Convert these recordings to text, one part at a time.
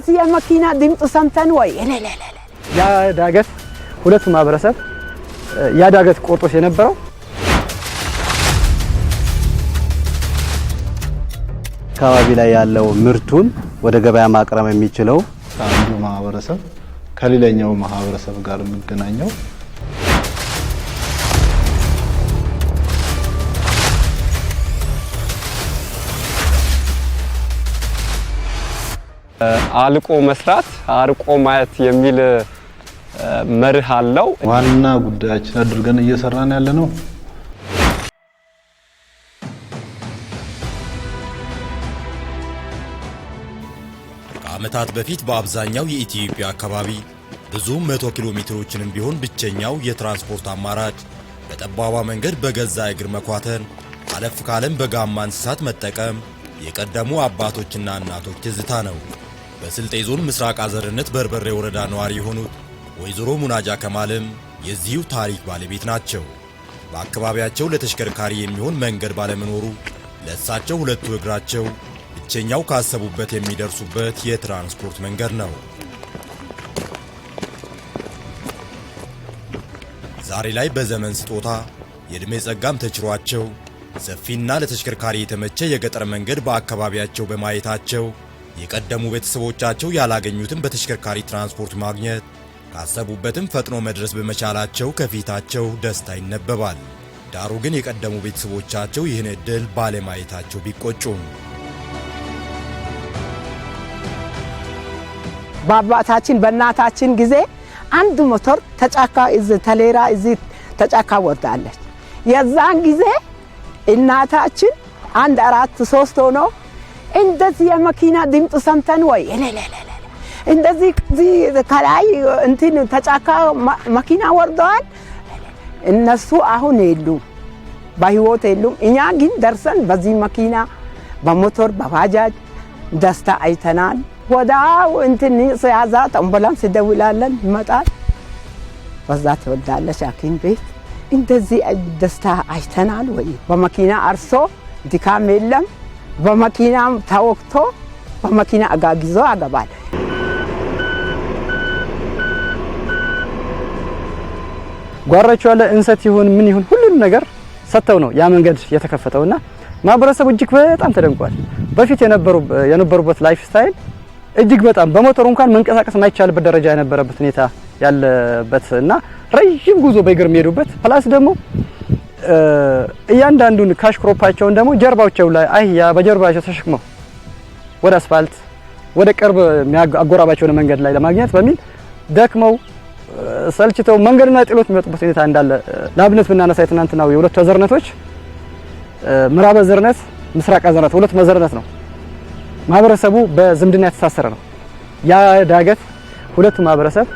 የዚህ የመኪና ድምፅ ሰምተን ወይ ያ ዳገት ሁለቱ ማህበረሰብ ያ ዳገት ቆርጦስ የነበረው አካባቢ ላይ ያለው ምርቱን ወደ ገበያ ማቅረብ የሚችለው አንዱ ማህበረሰብ ከሌላኛው ማህበረሰብ ጋር የሚገናኘው አልቆ መስራት አርቆ ማየት የሚል መርህ አለው። ዋና ጉዳያችን አድርገን እየሰራን ያለ ነው። ከዓመታት በፊት በአብዛኛው የኢትዮጵያ አካባቢ ብዙ መቶ ኪሎ ሜትሮችንም ቢሆን ብቸኛው የትራንስፖርት አማራጭ በጠባባ መንገድ በገዛ እግር መኳተን አለፍ ካለም በጋማ እንስሳት መጠቀም የቀደሙ አባቶችና እናቶች ትዝታ ነው። በስልጤ ዞን ምስራቅ አዘርነት በርበሬ ወረዳ ነዋሪ የሆኑት ወይዘሮ ሙናጃ ከማልም የዚሁ ታሪክ ባለቤት ናቸው። በአካባቢያቸው ለተሽከርካሪ የሚሆን መንገድ ባለመኖሩ ለእሳቸው ሁለቱ እግራቸው ብቸኛው ካሰቡበት የሚደርሱበት የትራንስፖርት መንገድ ነው። ዛሬ ላይ በዘመን ስጦታ የዕድሜ ጸጋም ተችሯቸው ሰፊና ለተሽከርካሪ የተመቸ የገጠር መንገድ በአካባቢያቸው በማየታቸው የቀደሙ ቤተሰቦቻቸው ያላገኙትን በተሽከርካሪ ትራንስፖርት ማግኘት ካሰቡበትም ፈጥኖ መድረስ በመቻላቸው ከፊታቸው ደስታ ይነበባል። ዳሩ ግን የቀደሙ ቤተሰቦቻቸው ይህን ዕድል ባለማየታቸው ቢቆጩም በአባታችን በእናታችን ጊዜ አንድ ሞተር ተጫካ ተሌራ እዚ ተጫካ ወርዳለች። የዛን ጊዜ እናታችን አንድ አራት ሶስት ሆነው እንደዚህ የመኪና ድምፅ ሰምተን ወይ እንደዚህ ከላይ እንትን ተጫካ መኪና ወርደዋል። እነሱ አሁን የሉም፣ በህይወት የሉም። እኛ ግን ደርሰን በዚህ መኪና በሞቶር በባጃጅ ደስታ አይተናል። ወዳው እንትን ሲያዛ አምቡላንስ ይደውላለን ይመጣል። በዛ ትወልዳለች ሐኪም ቤት እንደዚህ ደስታ አይተናል ወይ በመኪና አርሶ ድካም የለም። በመኪናም ታወቅቶ በመኪና አጋግዞ አገባል። ጓራቸው ያለ እንሰት ይሁን ምን ይሁን ሁሉንም ነገር ሰጥተው ነው ያ መንገድ የተከፈተውና ማህበረሰቡ እጅግ በጣም ተደንቋል። በፊት የነበሩበት ላይፍ ስታይል እጅግ በጣም በሞተሩ እንኳን መንቀሳቀስ የማይቻልበት ደረጃ የነበረበት ሁኔታ ያለበት እና ረዥም ጉዞ በእግር የሚሄዱበት ፕላስ ደግሞ እያንዳንዱን ካሽ ክሮፓቸውን ደግሞ ጀርባቸው ላይ አህያ በጀርባቸው ተሸክመው ወደ አስፋልት ወደ ቅርብ አጎራባቸውን መንገድ ላይ ለማግኘት በሚል ደክመው ሰልችተው መንገድና ጥሎት የሚወጡበት ሁኔታ እንዳለ ለአብነት ብናነሳ የትናንትናው የሁለቱ ዘርነቶች ምዕራብ ዘርነት ምስራቅ ዘርነት ሁለት መዘርነት ነው። ማህበረሰቡ በዝምድና የተሳሰረ ነው። ያ ዳገት ሁለቱ ማህበረሰብ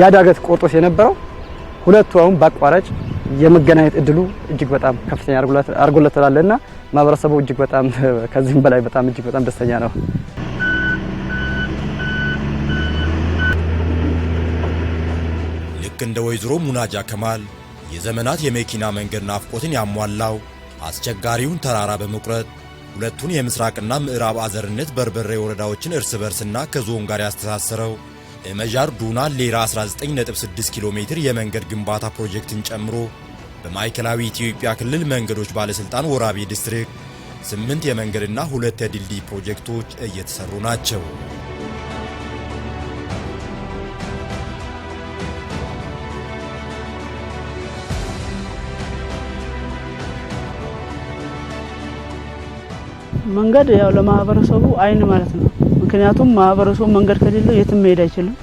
ያ ዳገት ቆርጦስ የነበረው ሁለቱ አሁን በአቋራጭ የመገናኘት እድሉ እጅግ በጣም ከፍተኛ አድርጎለታል እና ማህበረሰቡ እጅግ በጣም ከዚህም በላይ በጣም እጅግ በጣም ደስተኛ ነው። ልክ እንደ ወይዘሮ ሙናጃ ከማል የዘመናት የመኪና መንገድ ናፍቆትን ያሟላው አስቸጋሪውን ተራራ በመቁረጥ ሁለቱን የምስራቅና ምዕራብ አዘርነት በርበሬ ወረዳዎችን እርስ በርስና ከዞን ጋር ያስተሳሰረው የመዣር ዱና ሌራ 196 ኪሎ ሜትር የመንገድ ግንባታ ፕሮጀክትን ጨምሮ በማዕከላዊ ኢትዮጵያ ክልል መንገዶች ባለስልጣን ወራቤ ዲስትሪክት ስምንት የመንገድና ሁለት የድልድይ ፕሮጀክቶች እየተሰሩ ናቸው። መንገድ ያው ለማህበረሰቡ አይን ማለት ነው። ምክንያቱም ማህበረሰቡ መንገድ ከሌለው የትም መሄድ አይችልም።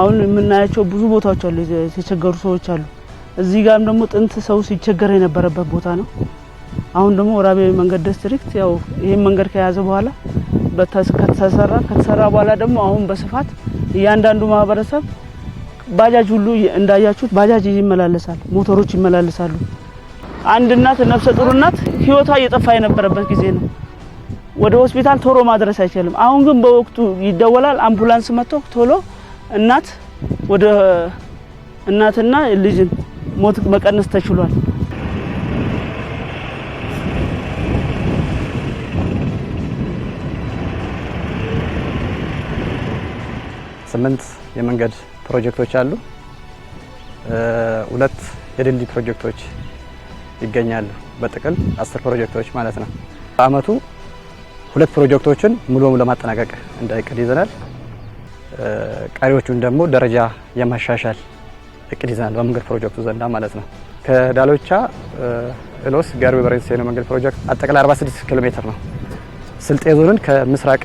አሁን የምናያቸው ብዙ ቦታዎች አሉ፣ የተቸገሩ ሰዎች አሉ። እዚህ ጋርም ደግሞ ጥንት ሰው ሲቸገር የነበረበት ቦታ ነው። አሁን ደግሞ ወራቤ መንገድ ዲስትሪክት ያው ይህን መንገድ ከያዘ በኋላ ከተሰራ ከተሰራ በኋላ ደግሞ አሁን በስፋት እያንዳንዱ ማህበረሰብ ባጃጅ ሁሉ እንዳያችሁት ባጃጅ ይመላለሳል፣ ሞተሮች ይመላለሳሉ። አንድ እናት ነፍሰ ጡር እናት ህይወቷ እየጠፋ የነበረበት ጊዜ ነው። ወደ ሆስፒታል ቶሎ ማድረስ አይችልም። አሁን ግን በወቅቱ ይደወላል፣ አምቡላንስ መጥቶ ቶሎ እናት ወደ እናትና ልጅን ሞት መቀነስ ተችሏል። ስምንት የመንገድ ፕሮጀክቶች አሉ። ሁለት የድልድይ ፕሮጀክቶች ይገኛሉ። በጥቅል አስር ፕሮጀክቶች ማለት ነው በአመቱ ሁለት ፕሮጀክቶችን ሙሉ በሙሉ ለማጠናቀቅ እንደ እቅድ ይዘናል። ቀሪዎቹን ደግሞ ደረጃ የማሻሻል እቅድ ይዘናል፣ በመንገድ ፕሮጀክቱ ዘንዳ ማለት ነው። ከዳሎቻ እሎስ ጋርቤ በረንስ ነው መንገድ ፕሮጀክት አጠቃላይ 46 ኪሎ ሜትር ነው። ስልጤ ዞንን ከምስራቅ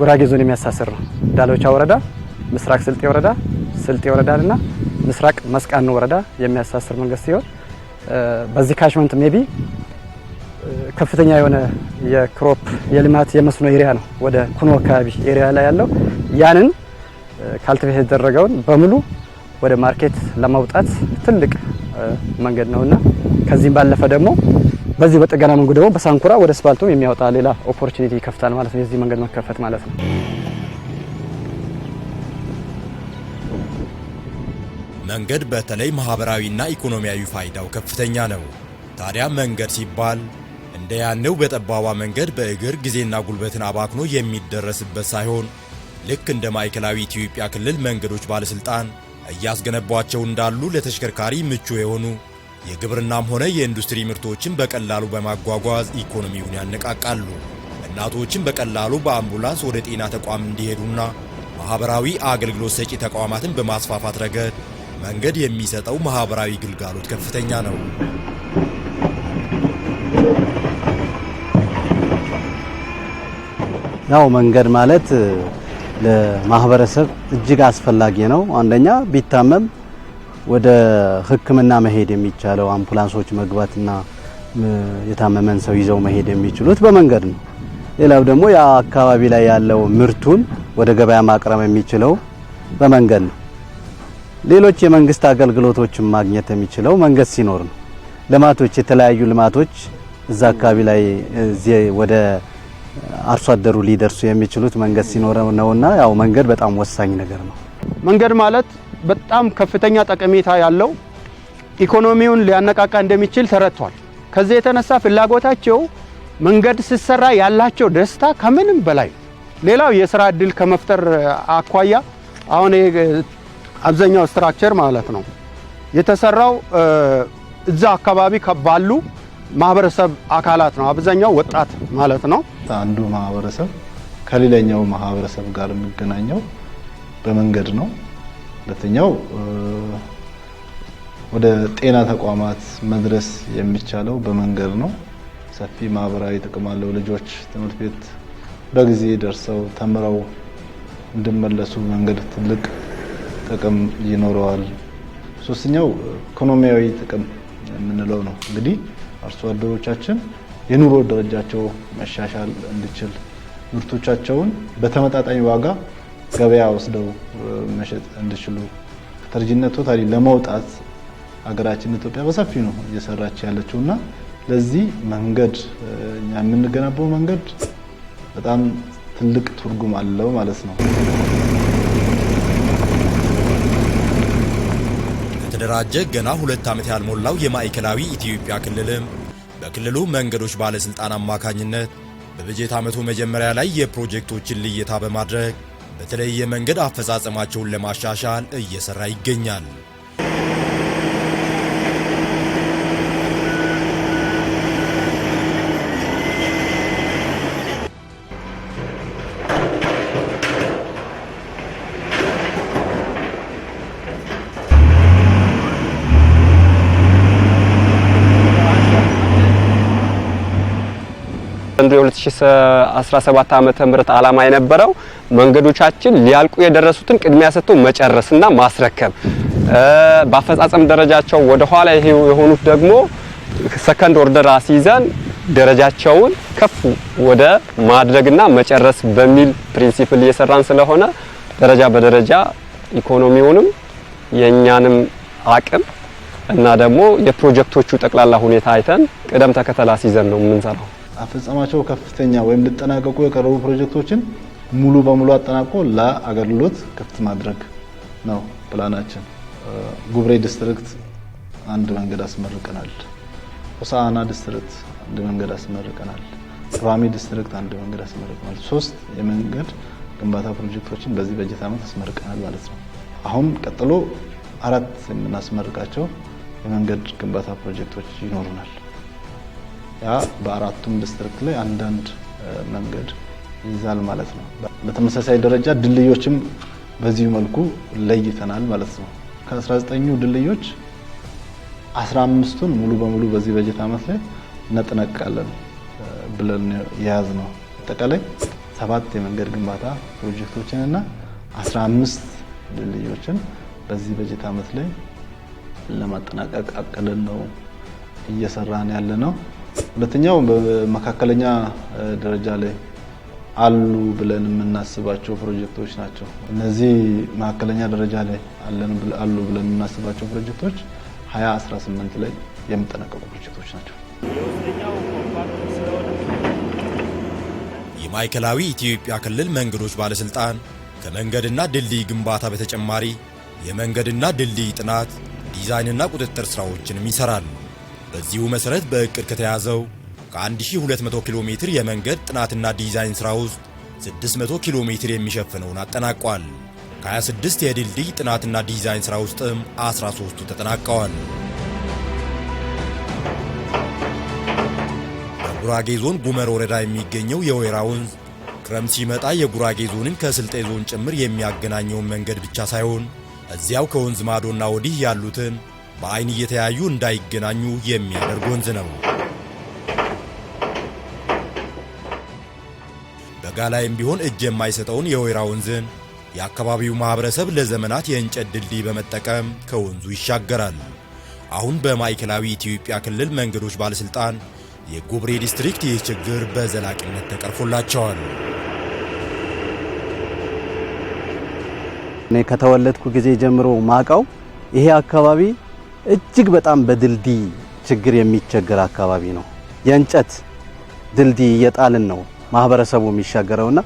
ጉራጌ ዞን የሚያሳስር ነው። ዳሎቻ ወረዳ፣ ምስራቅ ስልጤ ወረዳ፣ ስልጤ ወረዳና ምስራቅ መስቃኑ ወረዳ የሚያሳስር መንገድ ሲሆን በዚህ ካሽመንት ሜቢ ከፍተኛ የሆነ የክሮፕ የልማት የመስኖ ኤሪያ ነው ወደ ኩኖ አካባቢ ኤሪያ ላይ ያለው ያንን ካልቲቬት የተደረገውን በሙሉ ወደ ማርኬት ለማውጣት ትልቅ መንገድ ነውና ከዚህም ባለፈ ደግሞ በዚህ በጥገና መንገዱ ደግሞ በሳንኩራ ወደ ስፓልቱም የሚያወጣ ሌላ ኦፖርቹኒቲ ይከፍታል ማለት ነው። የዚህ መንገድ መከፈት ማለት ነው። መንገድ በተለይ ማህበራዊና ኢኮኖሚያዊ ፋይዳው ከፍተኛ ነው። ታዲያ መንገድ ሲባል እንደ ያኔው በጠባቧ መንገድ በእግር ጊዜና ጉልበትን አባክኖ የሚደረስበት ሳይሆን ልክ እንደ ማዕከላዊ ኢትዮጵያ ክልል መንገዶች ባለስልጣን እያስገነቧቸው እንዳሉ ለተሽከርካሪ ምቹ የሆኑ የግብርናም ሆነ የኢንዱስትሪ ምርቶችን በቀላሉ በማጓጓዝ ኢኮኖሚውን ያነቃቃሉ። እናቶችን በቀላሉ በአምቡላንስ ወደ ጤና ተቋም እንዲሄዱና ማህበራዊ አገልግሎት ሰጪ ተቋማትን በማስፋፋት ረገድ መንገድ የሚሰጠው ማህበራዊ ግልጋሎት ከፍተኛ ነው። ያው መንገድ ማለት ለማህበረሰብ እጅግ አስፈላጊ ነው። አንደኛ ቢታመም ወደ ሕክምና መሄድ የሚቻለው አምቡላንሶች መግባትና የታመመን ሰው ይዘው መሄድ የሚችሉት በመንገድ ነው። ሌላው ደግሞ ያ አካባቢ ላይ ያለው ምርቱን ወደ ገበያ ማቅረብ የሚችለው በመንገድ ነው። ሌሎች የመንግስት አገልግሎቶችን ማግኘት የሚችለው መንገድ ሲኖር ነው። ልማቶች፣ የተለያዩ ልማቶች እዛ አካባቢ ላይ ወደ አርሶ አደሩ ሊደርሱ የሚችሉት መንገድ ሲኖር ነውና ያው መንገድ በጣም ወሳኝ ነገር ነው። መንገድ ማለት በጣም ከፍተኛ ጠቀሜታ ያለው ኢኮኖሚውን ሊያነቃቃ እንደሚችል ተረድቷል። ከዚህ የተነሳ ፍላጎታቸው መንገድ ሲሰራ ያላቸው ደስታ ከምንም በላይ ሌላው የስራ እድል ከመፍጠር አኳያ አሁን አብዛኛው ስትራክቸር ማለት ነው የተሰራው እዛ አካባቢ ባሉ ማህበረሰብ አካላት ነው። አብዛኛው ወጣት ማለት ነው። አንዱ ማህበረሰብ ከሌላኛው ማህበረሰብ ጋር የሚገናኘው በመንገድ ነው። ሁለተኛው ወደ ጤና ተቋማት መድረስ የሚቻለው በመንገድ ነው። ሰፊ ማህበራዊ ጥቅም አለው። ልጆች ትምህርት ቤት በጊዜ ደርሰው ተምረው እንዲመለሱ መንገድ ትልቅ ጥቅም ይኖረዋል። ሶስተኛው ኢኮኖሚያዊ ጥቅም የምንለው ነው እንግዲህ አርሶ አደሮቻችን የኑሮ ደረጃቸው መሻሻል እንዲችል ምርቶቻቸውን በተመጣጣኝ ዋጋ ገበያ ወስደው መሸጥ እንዲችሉ ከተረጂነት ቶታሊ ለመውጣት ሀገራችን ኢትዮጵያ በሰፊ ነው እየሰራች ያለችው እና ለዚህ መንገድ እኛ የምንገነባው መንገድ በጣም ትልቅ ትርጉም አለው ማለት ነው። የተደራጀ ገና ሁለት ዓመት ያልሞላው የማዕከላዊ ኢትዮጵያ ክልልም በክልሉ መንገዶች ባለስልጣን አማካኝነት በበጀት ዓመቱ መጀመሪያ ላይ የፕሮጀክቶችን ልየታ በማድረግ በተለይ የመንገድ አፈጻጸማቸውን ለማሻሻል እየሰራ ይገኛል። ምንድነው የ2017 ዓመተ ምህረት አላማ የነበረው መንገዶቻችን ሊያልቁ የደረሱትን ቅድሚያ ሰጥቶ መጨረስና ማስረከብ፣ በአፈጻጸም ደረጃቸው ወደ ኋላ የሆኑት ደግሞ ሰከንድ ኦርደር አስይዘን ደረጃቸውን ከፍ ወደ ማድረግና መጨረስ በሚል ፕሪንሲፕል እየሰራን ስለሆነ ደረጃ በደረጃ ኢኮኖሚውንም የእኛንም አቅም እና ደግሞ የፕሮጀክቶቹ ጠቅላላ ሁኔታ አይተን ቅደም ተከተል አስይዘን ነው የምንሰራው። አፈጻማቸው ከፍተኛ ወይም ሊጠናቀቁ የቀረቡ ፕሮጀክቶችን ሙሉ በሙሉ አጠናቆ ለአገልግሎት ክፍት ማድረግ ነው ፕላናችን። ጉብሬ ዲስትሪክት አንድ መንገድ አስመርቀናል። ሆሳዕና ዲስትሪክት አንድ መንገድ አስመርቀናል። ጽባሚ ዲስትሪክት አንድ መንገድ አስመርቀናል። ሶስት የመንገድ ግንባታ ፕሮጀክቶችን በዚህ በጀት ዓመት አስመርቀናል ማለት ነው። አሁን ቀጥሎ አራት የምናስመርቃቸው የመንገድ ግንባታ ፕሮጀክቶች ይኖሩናል። ያ በአራቱም ዲስትሪክት ላይ አንዳንድ መንገድ ይይዛል ማለት ነው። በተመሳሳይ ደረጃ ድልድዮችም በዚሁ መልኩ ለይተናል ማለት ነው። ከ19ኙ ድልድዮች 15ቱን ሙሉ በሙሉ በዚህ በጀት ዓመት ላይ ነጥነቃለን ብለን የያዝ ነው። አጠቃላይ ሰባት የመንገድ ግንባታ ፕሮጀክቶችን እና 15 ድልድዮችን በዚህ በጀት ዓመት ላይ ለማጠናቀቅ አቅደን ነው እየሰራን ያለ ነው። ሁለተኛው በመካከለኛ ደረጃ ላይ አሉ ብለን የምናስባቸው ፕሮጀክቶች ናቸው። እነዚህ መካከለኛ ደረጃ ላይ አሉ ብለን የምናስባቸው ፕሮጀክቶች 2018 ላይ የሚጠናቀቁ ፕሮጀክቶች ናቸው። የማዕከላዊ ኢትዮጵያ ክልል መንገዶች ባለስልጣን ከመንገድና ድልድይ ግንባታ በተጨማሪ የመንገድና ድልድይ ጥናት ዲዛይንና ቁጥጥር ስራዎችንም ይሰራሉ። በዚሁ መሰረት በእቅድ ከተያዘው ከ1200 ኪሎ ሜትር የመንገድ ጥናትና ዲዛይን ሥራ ውስጥ 600 ኪሎ ሜትር የሚሸፍነውን አጠናቋል። ከ26 የድልድይ ጥናትና ዲዛይን ሥራ ውስጥም 13ቱ ተጠናቀዋል። በጉራጌ ዞን ጉመር ወረዳ የሚገኘው የወይራ ወንዝ ክረምት ሲመጣ የጉራጌ ዞንን ከስልጤ ዞን ጭምር የሚያገናኘውን መንገድ ብቻ ሳይሆን እዚያው ከወንዝ ማዶና ወዲህ ያሉትን በአይን እየተያዩ እንዳይገናኙ የሚያደርግ ወንዝ ነው። በጋ ላይም ቢሆን እጅ የማይሰጠውን የወይራ ወንዝን የአካባቢው ማህበረሰብ ለዘመናት የእንጨት ድልድይ በመጠቀም ከወንዙ ይሻገራል። አሁን በማዕከላዊ ኢትዮጵያ ክልል መንገዶች ባለስልጣን የጎብሬ ዲስትሪክት ይህ ችግር በዘላቂነት ተቀርፎላቸዋል። እኔ ከተወለድኩ ጊዜ ጀምሮ ማቀው ይሄ አካባቢ እጅግ በጣም በድልድይ ችግር የሚቸገር አካባቢ ነው። የእንጨት ድልድይ እየጣልን ነው ማህበረሰቡ የሚሻገረውና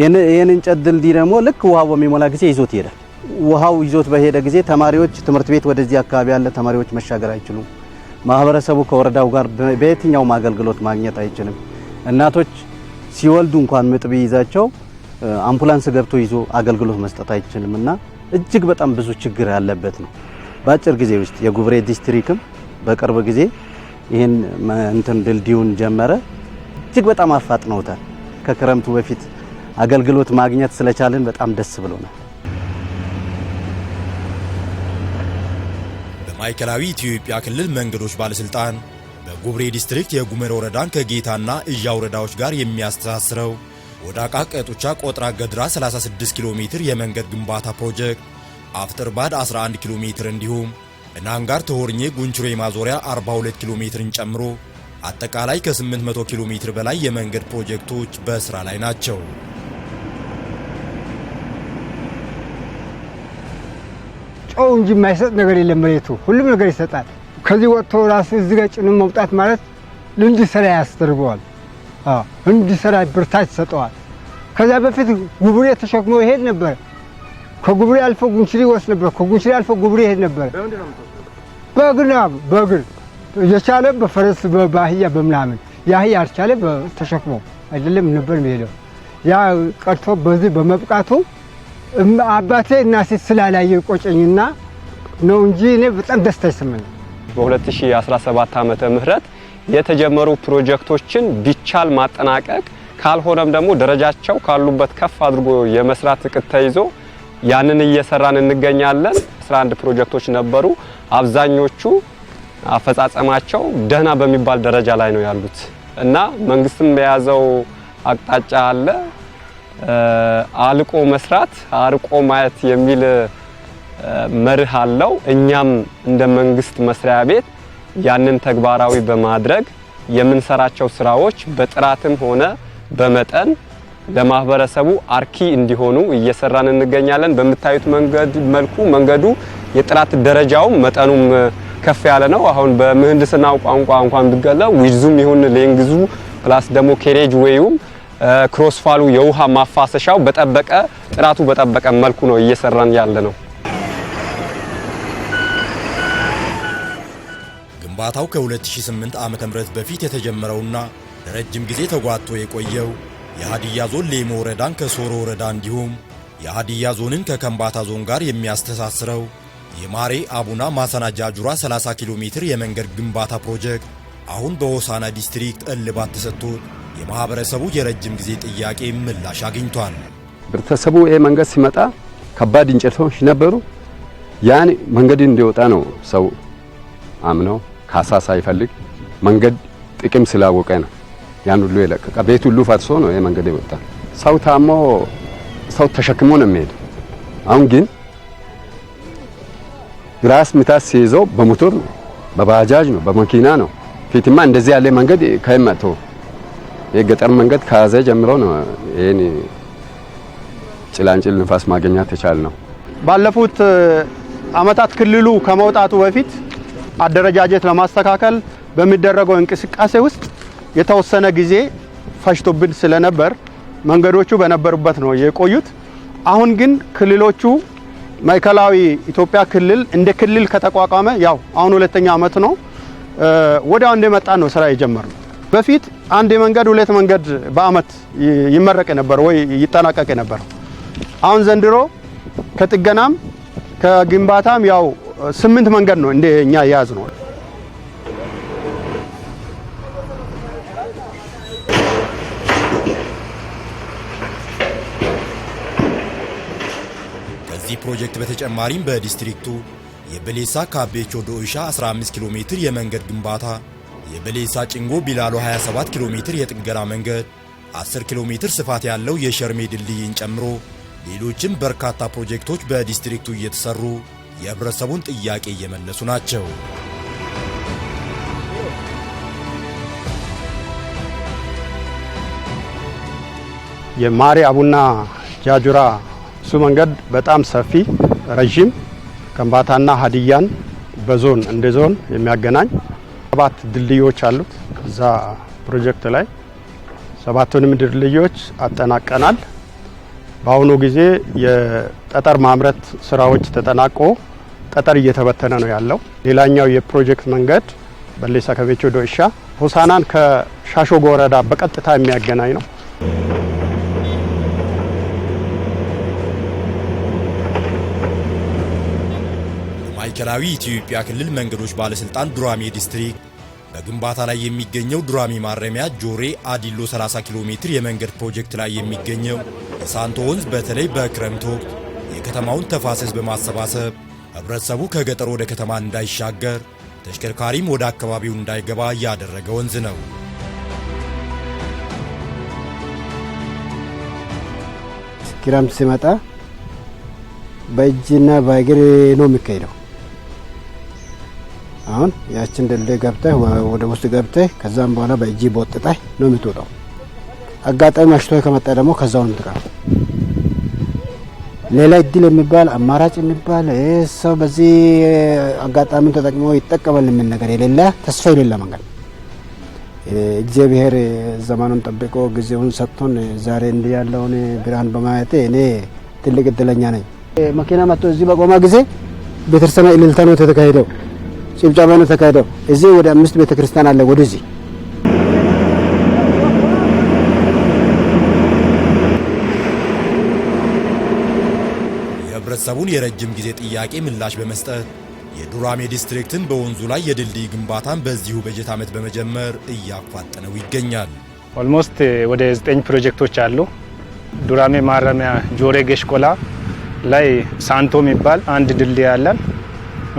ይህን እንጨት ድልድይ ደግሞ ልክ ውሃው በሚሞላ ጊዜ ይዞት ይሄዳል። ውሃው ይዞት በሄደ ጊዜ ተማሪዎች ትምህርት ቤት ወደዚህ አካባቢ ያለ ተማሪዎች መሻገር አይችሉም። ማህበረሰቡ ከወረዳው ጋር በየትኛውም አገልግሎት ማግኘት አይችልም። እናቶች ሲወልዱ እንኳን ምጥ ቢይዛቸው አምቡላንስ ገብቶ ይዞ አገልግሎት መስጠት አይችልም እና እጅግ በጣም ብዙ ችግር ያለበት ነው። በአጭር ጊዜ ውስጥ የጉብሬ ዲስትሪክም በቅርብ ጊዜ ይህን እንትን ድልድዩን ጀመረ። እጅግ በጣም አፋጥነውታል። ከክረምቱ በፊት አገልግሎት ማግኘት ስለቻልን በጣም ደስ ብሎናል። በማዕከላዊ ኢትዮጵያ ክልል መንገዶች ባለስልጣን በጉብሬ ዲስትሪክት የጉመር ወረዳን ከጌታና እዣ ወረዳዎች ጋር የሚያስተሳስረው ወደ ቀጡቻ ቆጥራ ገድራ 36 ኪሎ ሜትር የመንገድ ግንባታ ፕሮጀክት አፍተር ባድ 11 ኪሎ ሜትር እንዲሁም እናንጋር ተሆርኜ ጉንችሮ ማዞሪያ 42 ኪሎ ሜትርን ጨምሮ አጠቃላይ ከ800 ኪሎ ሜትር በላይ የመንገድ ፕሮጀክቶች በስራ ላይ ናቸው። ጨው እንጂ የማይሰጥ ነገር የለም። መሬቱ ሁሉም ነገር ይሰጣል። ከዚህ ወጥቶ ራስ እዚህ ጋር ጭኖ መውጣት ማለት እንዲሰራ ያስደርገዋል። እንዲሰራ ብርታት ይሰጠዋል። ከዚያ በፊት ጉቡሬ ተሸክሞ ይሄድ ነበር። ከጉብሬ አልፎ ጉንችሪ ወስ ነበር። ከጉንሽሪ አልፎ ጉብሬ ይሄድ ነበር። በግና በእግር የቻለ በፈረስ በአህያ በምናምን የአህያ አልቻለ ተሸክሞ አይደለም ነበር የሚሄደው። ያ ቀርቶ በዚህ በመብቃቱ አባቴ እናቴ ስላላየ ቆጨኝና ነው እንጂ እኔ በጣም ደስታ ይሰማኛል። በ2017 ዓመተ ምህረት የተጀመሩ ፕሮጀክቶችን ቢቻል ማጠናቀቅ ካልሆነም ደግሞ ደረጃቸው ካሉበት ከፍ አድርጎ የመስራት እቅድ ተይዞ ያንን እየሰራን እንገኛለን። 11 ፕሮጀክቶች ነበሩ። አብዛኞቹ አፈጻጸማቸው ደህና በሚባል ደረጃ ላይ ነው ያሉት እና መንግስትም የያዘው አቅጣጫ አለ አልቆ መስራት አርቆ ማየት የሚል መርህ አለው። እኛም እንደ መንግስት መስሪያ ቤት ያንን ተግባራዊ በማድረግ የምንሰራቸው ስራዎች በጥራትም ሆነ በመጠን ለማህበረሰቡ አርኪ እንዲሆኑ እየሰራን እንገኛለን። በምታዩት መንገድ መልኩ መንገዱ የጥራት ደረጃው መጠኑም ከፍ ያለ ነው። አሁን በምህንድስና ቋንቋ እንኳን ቢገላ ዊዙም ይሁን ሌንግዙ ፕላስ ደግሞ ኬሬጅ ዌዩም ክሮስፋሉ የውሃ ማፋሰሻው በጠበቀ ጥራቱ በጠበቀ መልኩ ነው እየሰራን ያለ ነው። ግንባታው ከ2008 ዓ.ም በፊት የተጀመረውና ለረጅም ጊዜ ተጓቶ የቆየው የሀዲያ ዞን ሌሞ ወረዳን ከሶሮ ወረዳ እንዲሁም የሀዲያ ዞንን ከከምባታ ዞን ጋር የሚያስተሳስረው የማሬ አቡና ማሰናጃ ጁራ 30 ኪሎ ሜትር የመንገድ ግንባታ ፕሮጀክት አሁን በሆሳና ዲስትሪክት እልባት ተሰጥቶት የማህበረሰቡ የረጅም ጊዜ ጥያቄ ምላሽ አግኝቷል። ህብረተሰቡ ይሄ መንገድ ሲመጣ ከባድ እንጨቶች ነበሩ። ያን መንገድ እንዲወጣ ነው ሰው አምነው ካሳ ሳይፈልግ መንገድ ጥቅም ስላወቀ ነው። ያን ሁሉ የለቀቀ ቤት ሁሉ ፈርሶ ነው ይሄ መንገድ የወጣ ሰው ታሞ ሰው ተሸክሞ ነው የሚሄድ። አሁን ግን ራስ ምታት ሲይዘው በሞቶር ነው፣ በባጃጅ ነው፣ በመኪና ነው። ፊትማ እንደዚህ ያለ መንገድ ከመቶ የገጠር መንገድ ከያዘ ጀምሮ ነው ይሄን ጭላንጭል ንፋስ ማግኘት የቻል ነው። ባለፉት አመታት ክልሉ ከመውጣቱ በፊት አደረጃጀት ለማስተካከል በሚደረገው እንቅስቃሴ ውስጥ የተወሰነ ጊዜ ፈጅቶብን ስለነበር መንገዶቹ በነበሩበት ነው የቆዩት። አሁን ግን ክልሎቹ ማዕከላዊ ኢትዮጵያ ክልል እንደ ክልል ከተቋቋመ ያው አሁን ሁለተኛ ዓመት ነው። ወዲያው እንደመጣ ነው ስራ የጀመርነው። በፊት አንድ መንገድ ሁለት መንገድ በአመት ይመረቅ ነበር ወይ ይጠናቀቅ ነበር። አሁን ዘንድሮ ከጥገናም ከግንባታም ያው ስምንት መንገድ ነው እንደኛ የያዝ ነው። ከዚህ ፕሮጀክት በተጨማሪም በዲስትሪክቱ የበሌሳ ካቤቾ ዶኢሻ 15 ኪሎ ሜትር የመንገድ ግንባታ፣ የበሌሳ ጭንጎ ቢላሎ 27 ኪሎ ሜትር የጥገና መንገድ፣ 10 ኪሎ ሜትር ስፋት ያለው የሸርሜ ድልድይን ጨምሮ ሌሎችም በርካታ ፕሮጀክቶች በዲስትሪክቱ እየተሰሩ የህብረተሰቡን ጥያቄ እየመለሱ ናቸው። የማሪ አቡና ጃጁራ እሱ መንገድ በጣም ሰፊ ረዥም ከምባታና ሀዲያን በዞን እንደ ዞን የሚያገናኝ ሰባት ድልድዮች አሉት። እዛ ፕሮጀክት ላይ ሰባቱንም ድልድዮች አጠናቀናል። በአሁኑ ጊዜ የጠጠር ማምረት ስራዎች ተጠናቆ ጠጠር እየተበተነ ነው ያለው። ሌላኛው የፕሮጀክት መንገድ በሌሳ ከቤቾ ዶይሻ ሆሳናን ከሻሾጎ ወረዳ በቀጥታ የሚያገናኝ ነው። የማዕከላዊ ኢትዮጵያ ክልል መንገዶች ባለስልጣን ዱራሜ ዲስትሪክት በግንባታ ላይ የሚገኘው ዱራሜ ማረሚያ ጆሬ አዲሎ 30 ኪሎ ሜትር የመንገድ ፕሮጀክት ላይ የሚገኘው የሳንቶ ወንዝ በተለይ በክረምት ወቅት የከተማውን ተፋሰስ በማሰባሰብ ህብረተሰቡ ከገጠር ወደ ከተማ እንዳይሻገር ተሽከርካሪም ወደ አካባቢው እንዳይገባ ያደረገ ወንዝ ነው። ክረምት ሲመጣ በእጅና በእግር ነው የሚካሄደው። አሁን ያችን ድልድይ ገብተህ ወደ ውስጥ ገብተህ ከዛም በኋላ በእጅ በወጥጠህ ነው የምትወጣው። አጋጣሚ ማሽቶ ከመጣ ደግሞ ከዛውን የምትቀር ሌላ እድል የሚባል አማራጭ የሚባል ሰው በዚህ አጋጣሚ ተጠቅሞ ይጠቀማል። የምን ነገር የሌለ ተስፋ የሌለ መንገድ እግዚአብሔር ዘመኑን ጠብቆ ጊዜውን ሰጥቶን ዛሬ እንዲህ ያለውን ብርሃን በማየቴ እኔ ትልቅ እድለኛ ነኝ። መኪና መጥቶ እዚህ በቆመ ጊዜ ቤተክርስቲያን እልልታ ነው የተካሄደው። ጭብጨባ ነው ተካሄደው። እዚህ ወደ አምስት ቤተክርስቲያን አለ ወደዚህ የህብረተሰቡን የረጅም ጊዜ ጥያቄ ምላሽ በመስጠት የዱራሜ ዲስትሪክትን በወንዙ ላይ የድልድይ ግንባታን በዚሁ በጀት ዓመት በመጀመር እያፋጠነው ይገኛል። ኦልሞስት ወደ ዘጠኝ ፕሮጀክቶች አሉ። ዱራሜ ማረሚያ ጆሬ ገሽቆላ ላይ ሳንቶ የሚባል አንድ ድልድይ አለን።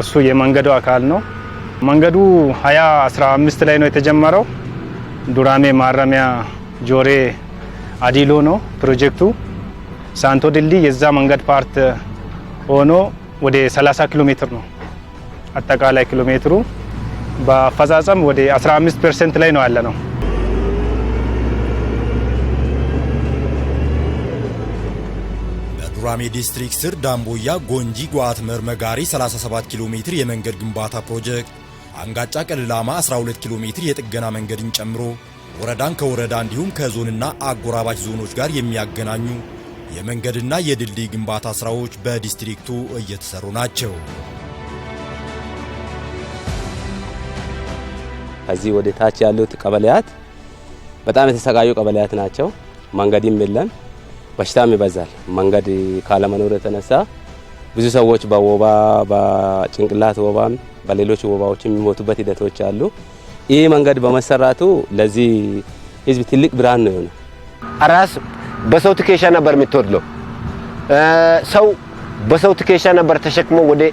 እሱ የመንገዱ አካል ነው። መንገዱ 2015 ላይ ነው የተጀመረው። ዱራሜ ማረሚያ ጆሬ አዲሎ ነው ፕሮጀክቱ። ሳንቶ ድልድይ የዛ መንገድ ፓርት ሆኖ ወደ 30 ኪሎ ሜትር ነው አጠቃላይ ኪሎ ሜትሩ። በአፈጻጸም ወደ 15 ፐርሰንት ላይ ነው ያለ ነው። ዱራሜ ዲስትሪክት ስር ዳምቦያ ጎንጂ ጓት መጋሪ 37 ኪሎ ሜትር የመንገድ ግንባታ ፕሮጀክት አንጋጫ ቀልላማ 12 ኪሎ ሜትር የጥገና መንገድን ጨምሮ ወረዳን ከወረዳ እንዲሁም ከዞንና አጎራባች ዞኖች ጋር የሚያገናኙ የመንገድና የድልድይ ግንባታ ስራዎች በዲስትሪክቱ እየተሰሩ ናቸው። ከዚህ ወደ ታች ያሉት ቀበሌያት በጣም የተሰቃዩ ቀበሌያት ናቸው። መንገድም የለም። በሽታም ይበዛል። መንገድ ካለመኖር የተነሳ ብዙ ሰዎች በወባ በጭንቅላት ወባም በሌሎች ወባዎች የሚሞቱበት ሂደቶች አሉ። ይህ መንገድ በመሰራቱ ለዚህ ህዝብ ትልቅ ብርሃን ነው የሆነ። አራስ በሰው ትከሻ ነበር የምትወድለው። ሰው በሰው ትከሻ ነበር ተሸክሞ ወደ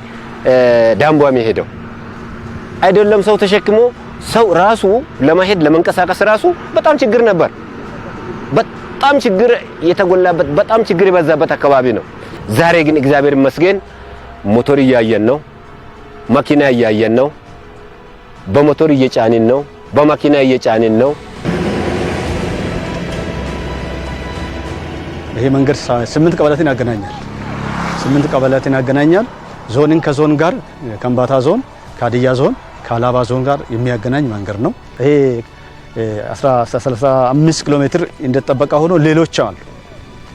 ዳንቧ የሚሄደው አይደለም። ሰው ተሸክሞ ሰው ራሱ ለማሄድ ለመንቀሳቀስ ራሱ በጣም ችግር ነበር። በጣም ችግር የተጎላበት በጣም ችግር የበዛበት አካባቢ ነው። ዛሬ ግን እግዚአብሔር ይመስገን ሞተር እያየን ነው፣ መኪና እያየን ነው፣ በሞተር እየጫንን ነው፣ በመኪና እየጫንን ነው። ይሄ መንገድ ስምንት ቀበሌትን ያገናኛል። ስምንት ቀበሌትን ያገናኛል። ዞንን ከዞን ጋር ከምባታ ዞን፣ ከሀዲያ ዞን፣ ከአላባ ዞን ጋር የሚያገናኝ መንገድ ነው ይሄ 35 ኪሎ ሜትር እንደተጠበቀ ሆኖ ሌሎች አሉ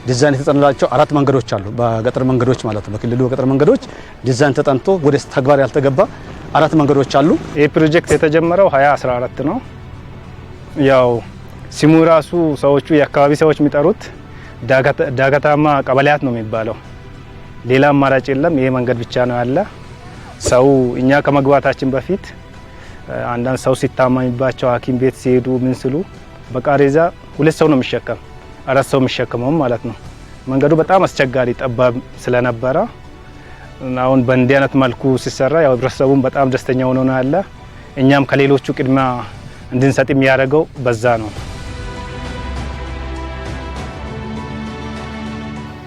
ዲዛይን የተጠናላቸው አራት መንገዶች አሉ። በገጠር መንገዶች ማለት ነው። በክልሉ በገጠር መንገዶች ዲዛይን ተጠንቶ ወደ ተግባር ያልተገባ አራት መንገዶች አሉ። ይህ ፕሮጀክት የተጀመረው 2014 ነው። ያው ስሙ ራሱ ሰዎቹ የአካባቢ ሰዎች የሚጠሩት ዳገታማ ቀበሌያት ነው የሚባለው። ሌላ አማራጭ የለም። ይሄ መንገድ ብቻ ነው ያለ። ሰው እኛ ከመግባታችን በፊት አንዳንድ ሰው ሲታማኝባቸው ሐኪም ቤት ሲሄዱ ምን ስሉ በቃሬዛ ሁለት ሰው ነው የሚሸከም አራት ሰው የሚሸከመው ማለት ነው። መንገዱ በጣም አስቸጋሪ ጠባብ ስለነበረ አሁን በእንዲህ አይነት መልኩ ሲሰራ ያው ህብረተሰቡም በጣም ደስተኛ ሆኖ ነው ያለ። እኛም ከሌሎቹ ቅድሚያ እንድንሰጥ የሚያደርገው በዛ ነው።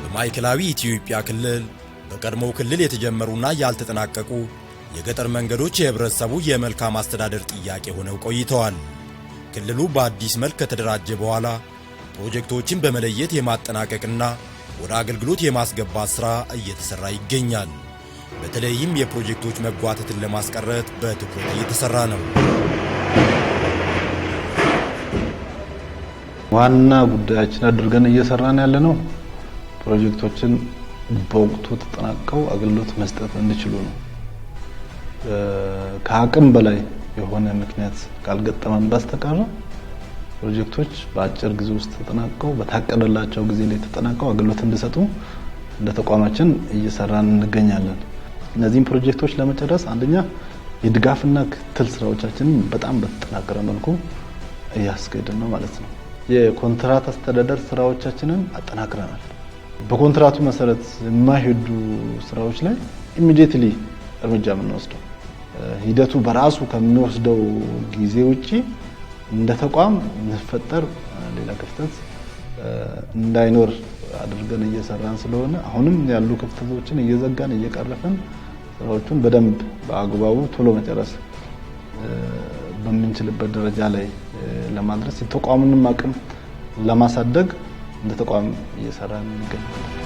በማዕከላዊ ኢትዮጵያ ክልል በቀድሞው ክልል የተጀመሩና ያልተጠናቀቁ የገጠር መንገዶች የህብረተሰቡ የመልካም አስተዳደር ጥያቄ ሆነው ቆይተዋል። ክልሉ በአዲስ መልክ ከተደራጀ በኋላ ፕሮጀክቶችን በመለየት የማጠናቀቅና ወደ አገልግሎት የማስገባት ሥራ እየተሠራ ይገኛል። በተለይም የፕሮጀክቶች መጓተትን ለማስቀረት በትኩረት እየተሠራ ነው። ዋና ጉዳያችን አድርገን እየሰራን ያለ ነው ፕሮጀክቶችን በወቅቱ ተጠናቀው አገልግሎት መስጠት እንዲችሉ ነው። ከአቅም በላይ የሆነ ምክንያት ካልገጠመን በስተቀር ፕሮጀክቶች በአጭር ጊዜ ውስጥ ተጠናቀው በታቀደላቸው ጊዜ ላይ ተጠናቀው አገልግሎት እንዲሰጡ እንደ ተቋማችን እየሰራን እንገኛለን። እነዚህም ፕሮጀክቶች ለመጨረስ አንደኛ የድጋፍና ክትል ስራዎቻችንን በጣም በተጠናከረ መልኩ እያስገድን ነው ማለት ነው። የኮንትራት አስተዳደር ስራዎቻችንን አጠናክረናል። በኮንትራቱ መሰረት የማይሄዱ ስራዎች ላይ ኢሚዲየትሊ እርምጃ የምንወስደው ሂደቱ በራሱ ከሚወስደው ጊዜ ውጪ እንደ ተቋም የሚፈጠር ሌላ ክፍተት እንዳይኖር አድርገን እየሰራን ስለሆነ አሁንም ያሉ ክፍተቶችን እየዘጋን እየቀረፍን ስራዎቹን በደንብ በአግባቡ ቶሎ መጨረስ በምንችልበት ደረጃ ላይ ለማድረስ የተቋሙንም አቅም ለማሳደግ እንደ ተቋም እየሰራን እንገኛለን።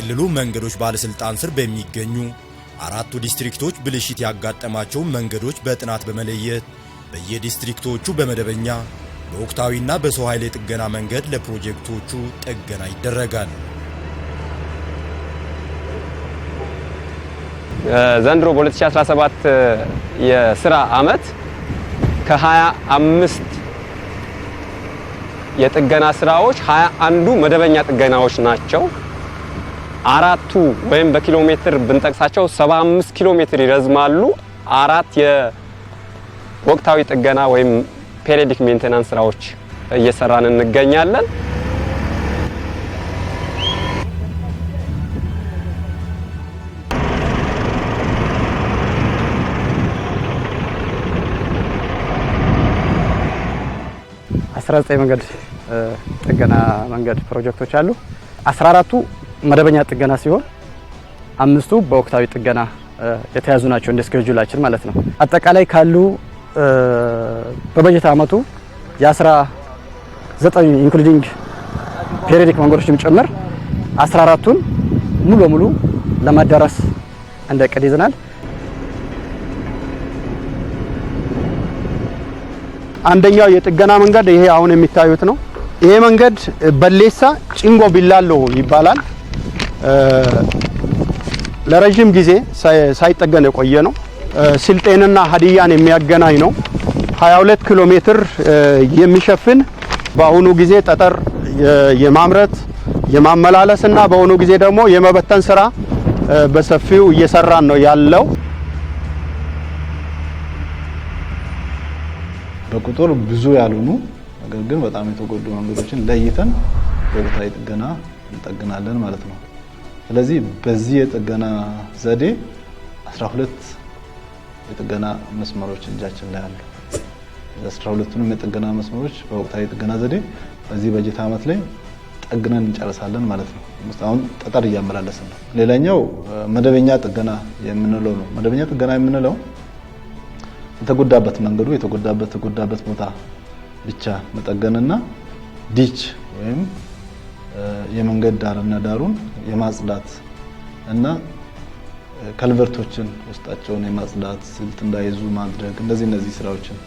በክልሉ መንገዶች ባለስልጣን ስር በሚገኙ አራቱ ዲስትሪክቶች ብልሽት ያጋጠማቸውን መንገዶች በጥናት በመለየት በየዲስትሪክቶቹ በመደበኛ በወቅታዊና በሰው ኃይል የጥገና መንገድ ለፕሮጀክቶቹ ጥገና ይደረጋል። ዘንድሮ በ2017 የስራ አመት ከ25 የጥገና ስራዎች 21ዱ መደበኛ ጥገናዎች ናቸው። አራቱ ወይም በኪሎ ሜትር ብንጠቅሳቸው 75 ኪሎ ሜትር ይረዝማሉ። አራት የወቅታዊ ጥገና ወይም ፔሪዲክ ሜንቴናንስ ስራዎች እየሰራን እንገኛለን። አስራ ዘጠኝ መንገድ ጥገና መንገድ ፕሮጀክቶች አሉ። አስራ አራቱ መደበኛ ጥገና ሲሆን አምስቱ በወቅታዊ ጥገና የተያዙ ናቸው እንደ ስኬጁላችን ማለት ነው። አጠቃላይ ካሉ በበጀት አመቱ የ19 ኢንክሉዲንግ ፔሪዲክ መንገዶችም ጭምር 14ቱን ሙሉ በሙሉ ለማዳረስ እንደ እቅድ ይዘናል። አንደኛው የጥገና መንገድ ይሄ አሁን የሚታዩት ነው። ይሄ መንገድ በሌሳ ጭንጎ ቢላሎ ይባላል። ለረዥም ጊዜ ሳይጠገን የቆየ ነው። ስልጤንና ሀዲያን የሚያገናኝ ነው። 22 ኪሎ ሜትር የሚሸፍን በአሁኑ ጊዜ ጠጠር የማምረት የማመላለስ እና በአሁኑ ጊዜ ደግሞ የመበተን ስራ በሰፊው እየሰራን ነው ያለው። በቁጥር ብዙ ያልሆኑ ነገር ግን በጣም የተጎዱ መንገዶችን ለይተን በቦታዊ ጥገና እንጠግናለን ማለት ነው። ስለዚህ በዚህ የጥገና ዘዴ 12 የጥገና መስመሮች እጃችን ላይ አሉ። 12ቱንም የጥገና መስመሮች በወቅታዊ የጥገና ዘዴ በዚህ በጀት ዓመት ላይ ጠግነን እንጨርሳለን ማለት ነው። አሁን ጠጠር እያመላለስን ነው። ሌላኛው መደበኛ ጥገና የምንለው ነው። መደበኛ ጥገና የምንለው የተጎዳበት መንገዱ የተጎዳበት ተጎዳበት ቦታ ብቻ መጠገንና ዲች ወይም የመንገድ ዳርና ዳሩን የማጽዳት እና ከልቨርቶችን ውስጣቸውን የማጽዳት ስልት እንዳይዙ ማድረግ እንደዚህ እነዚህ ስራዎችን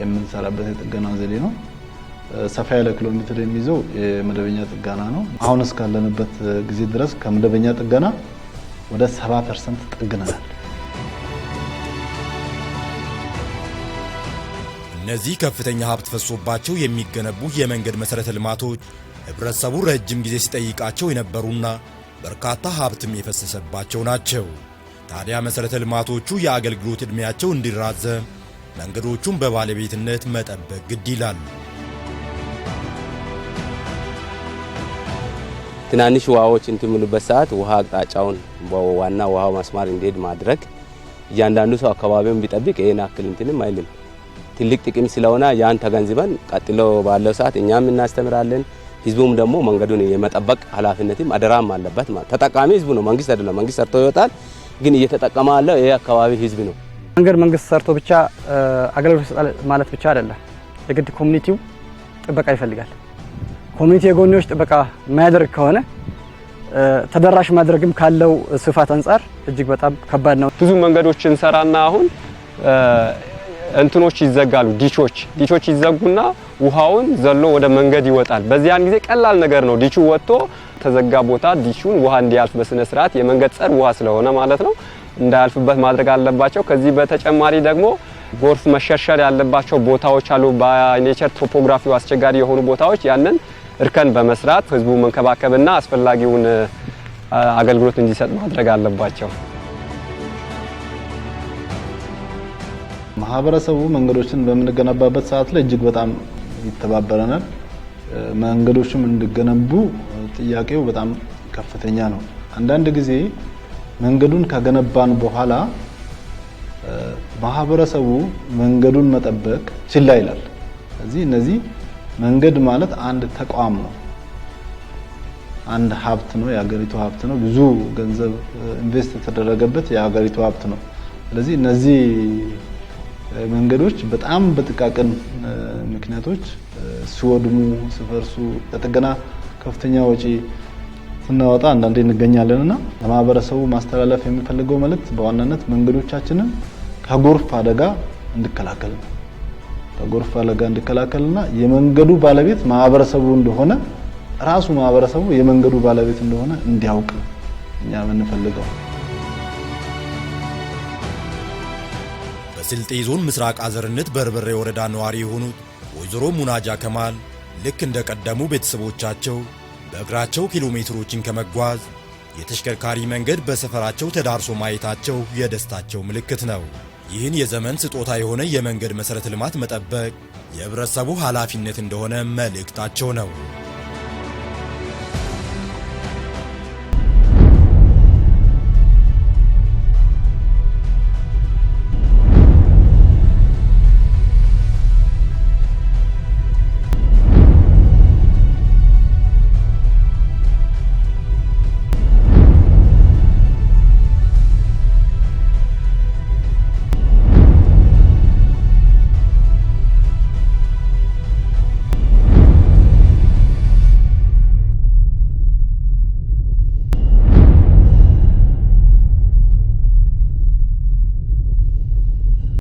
የምንሰራበት የጥገና ዘዴ ነው። ሰፋ ያለ ኪሎ ሜትር የሚይዘው የመደበኛ ጥገና ነው። አሁን እስካለንበት ጊዜ ድረስ ከመደበኛ ጥገና ወደ 70 ፐርሰንት ጠግነናል። እነዚህ ከፍተኛ ሀብት ፈሶባቸው የሚገነቡ የመንገድ መሠረተ ልማቶች ህብረተሰቡ ረጅም ጊዜ ሲጠይቃቸው የነበሩና በርካታ ሀብትም የፈሰሰባቸው ናቸው። ታዲያ መሠረተ ልማቶቹ የአገልግሎት ዕድሜያቸው እንዲራዘም መንገዶቹን በባለቤትነት መጠበቅ ግድ ይላል። ትናንሽ ውሃዎች እንትምሉበት ሰዓት ውሃ አቅጣጫውን ዋና ውሃ ማስማር እንዲሄድ ማድረግ እያንዳንዱ ሰው አካባቢውን ቢጠብቅ ይህን አክል እንትንም አይልም። ትልቅ ጥቅም ስለሆነ ያን ተገንዝበን ቀጥሎ ባለው ሰዓት እኛም እናስተምራለን። ህዝቡም ደግሞ መንገዱን የመጠበቅ ኃላፊነትም አደራም አለበት ማለት ተጠቃሚ ህዝቡ ነው፣ መንግስት አይደለም። መንግስት ሰርቶ ይወጣል፣ ግን እየተጠቀመ ያለው ይህ አካባቢ ህዝብ ነው። መንገድ መንግስት ሰርቶ ብቻ አገልግሎት ይሰጣል ማለት ብቻ አይደለም። የግድ ኮሚኒቲው ጥበቃ ይፈልጋል። ኮሚኒቲ የጎኒዎች ጥበቃ የማያደርግ ከሆነ ተደራሽ ማድረግም ካለው ስፋት አንጻር እጅግ በጣም ከባድ ነው። ብዙ መንገዶች እንሰራና አሁን እንትኖች ይዘጋሉ፣ ዲቾች ዲቾች ይዘጉና ውሃውን ዘሎ ወደ መንገድ ይወጣል። በዚያን ጊዜ ቀላል ነገር ነው። ዲቹ ወጥቶ ተዘጋ ቦታ ዲቹን ውሃ እንዲያልፍ በስነ ስርዓት የመንገድ ጸር ውሃ ስለሆነ ማለት ነው እንዳያልፍበት ማድረግ አለባቸው። ከዚህ በተጨማሪ ደግሞ ጎርፍ መሸርሸር ያለባቸው ቦታዎች አሉ። በኔቸር ቶፖግራፊው አስቸጋሪ የሆኑ ቦታዎች ያንን እርከን በመስራት ህዝቡ መንከባከብና አስፈላጊውን አገልግሎት እንዲሰጥ ማድረግ አለባቸው። ማህበረሰቡ መንገዶችን በምንገነባበት ሰዓት ላይ እጅግ በጣም ይተባበረናል። መንገዶችም እንዲገነቡ ጥያቄው በጣም ከፍተኛ ነው። አንዳንድ ጊዜ መንገዱን ከገነባን በኋላ ማህበረሰቡ መንገዱን መጠበቅ ችላ ይላል። ስለዚህ እነዚህ መንገድ ማለት አንድ ተቋም ነው፣ አንድ ሀብት ነው፣ የሀገሪቱ ሀብት ነው። ብዙ ገንዘብ ኢንቨስት የተደረገበት የሀገሪቱ ሀብት ነው። ስለዚህ እነዚህ መንገዶች በጣም በጥቃቅን ምክንያቶች ሲወድሙ ሲፈርሱ ለጥገና ከፍተኛ ወጪ ስናወጣ አንዳንዴ እንገኛለን እና ለማህበረሰቡ ማስተላለፍ የሚፈልገው መልእክት በዋናነት መንገዶቻችንን ከጎርፍ አደጋ እንዲከላከል ነው። ከጎርፍ አደጋ እንዲከላከልና የመንገዱ ባለቤት ማህበረሰቡ እንደሆነ ራሱ ማህበረሰቡ የመንገዱ ባለቤት እንደሆነ እንዲያውቅ እኛ የምንፈልገው በስልጤ ዞን ምስራቅ አዘርነት በርበሬ ወረዳ ነዋሪ የሆኑት ወይዘሮ ሙናጃ ከማል ልክ እንደ ቀደሙ ቤተሰቦቻቸው በእግራቸው ኪሎ ሜትሮችን ከመጓዝ የተሽከርካሪ መንገድ በሰፈራቸው ተዳርሶ ማየታቸው የደስታቸው ምልክት ነው። ይህን የዘመን ስጦታ የሆነ የመንገድ መሠረተ ልማት መጠበቅ የህብረተሰቡ ኃላፊነት እንደሆነ መልእክታቸው ነው።